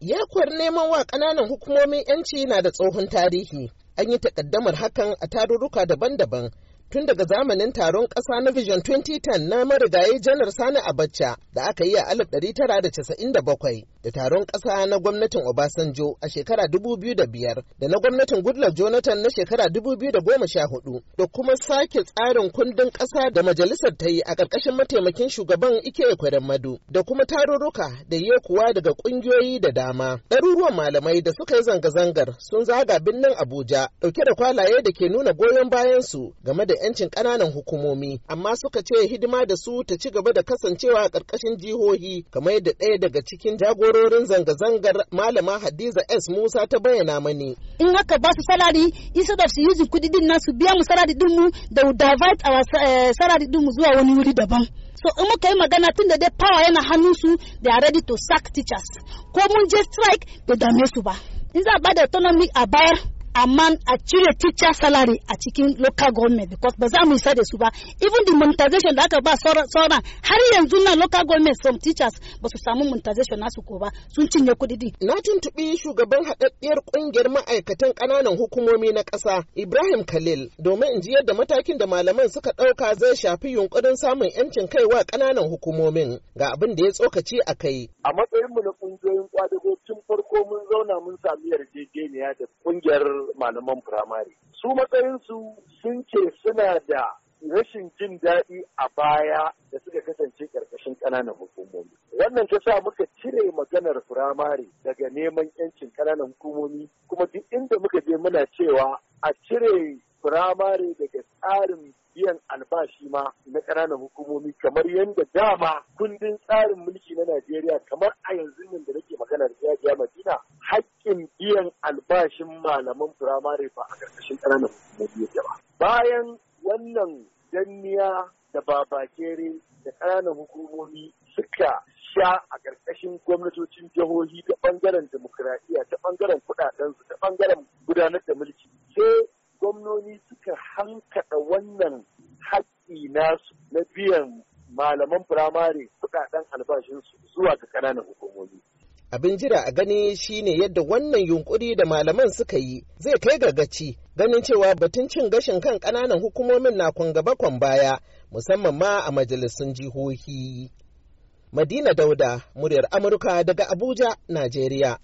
Yakwar neman wa ƙananan hukumomin 'yanci na da tsohon tarihi. An yi takaddamar hakan a tarurruka daban-daban tun daga zamanin taron ƙasa na Vision 2010 na marigayi janar Sani Abacha da aka yi a 1997. da taron ƙasa na gwamnatin Obasanjo a shekara 2005 da na gwamnatin Goodluck Jonathan na shekara 2014 da kuma sake tsarin kundin ƙasa da majalisar ta yi a ƙarƙashin mataimakin shugaban Ike madu, da kuma tarurruka da kuwa daga ƙungiyoyi da dama. Ɗaruruwan malamai da suka yi zanga-zangar sun zaga birnin Abuja ɗauke da kwalaye da ke nuna goyon bayan su game da 'yancin ƙananan hukumomi amma suka ce hidima da su ta ci gaba da kasancewa a ƙarƙashin jihohi kamar yadda ɗaya daga cikin jagorori jagororin zanga-zangar malama Hadiza S Musa ta bayyana mani. In haka ba su salari instead da su yi kudi din su biya mu salari din mu da divide our eh, salari din mu zuwa wani wuri daban. So in muka yi magana tun da dai power yana hannun su they are ready to sack teachers. Ko mun je strike bai dame su ba. In za a da autonomy a bayar amma a cire teacher salary a cikin local government because ba za mu isa da su ba even the monetization da aka ba sauran har yanzu na local government from teachers ba su samu monetization nasu ko ba sun cinye kudi na tuntubi shugaban haɗaɗɗiyar ƙungiyar ma'aikatan ƙananan hukumomi na ƙasa Ibrahim Khalil domin in ji yadda matakin da malaman suka ɗauka zai shafi yunƙurin samun 'yancin wa ƙananan hukumomin ga abin da ya tsokaci a kai a matsayinmu na ƙungiyoyin kwadago tun farko mun zauna mun sami yarjejeniya da ƙungiyar malaman firamare su matsayinsu sun ce suna da rashin jin daɗi a baya da suka kasance ƙarƙashin ƙananan hukumomi. Wannan ta sa muka cire maganar firamare daga neman 'yancin ƙananan hukumomi kuma duk inda muka je muna cewa a cire firamare daga tsarin biyan albashi ma na ƙananan hukumomi kamar yadda dama kundin tsarin mulki na Najeriya kamar a yanzu nan da nake maganar ya Madina haƙƙin biyan albashin malaman firamare ba a ƙarƙashin ƙananan hukumomi yake ba. Bayan wannan danniya da babakere da ƙananan hukumomi suka sha a ƙarƙashin gwamnatocin jihohi ta ɓangaren demokuraɗiyya ta ɓangaren kuɗaɗensu ta ɓangaren gudanar da mulki sai gwamnoni suka hankaɗa wannan haƙƙi nasu na biyan malaman firamare kuɗaɗen albashinsu zuwa ga ƙananan hukumomi abin jira a gani shine yadda wannan yunkuri da malaman suka yi zai kai ga gaci ganin cewa batun cin gashin kan ƙananan hukumomin na gaba kwan baya musamman ma a majalisun jihohi madina dauda muryar amurka daga abuja najeriya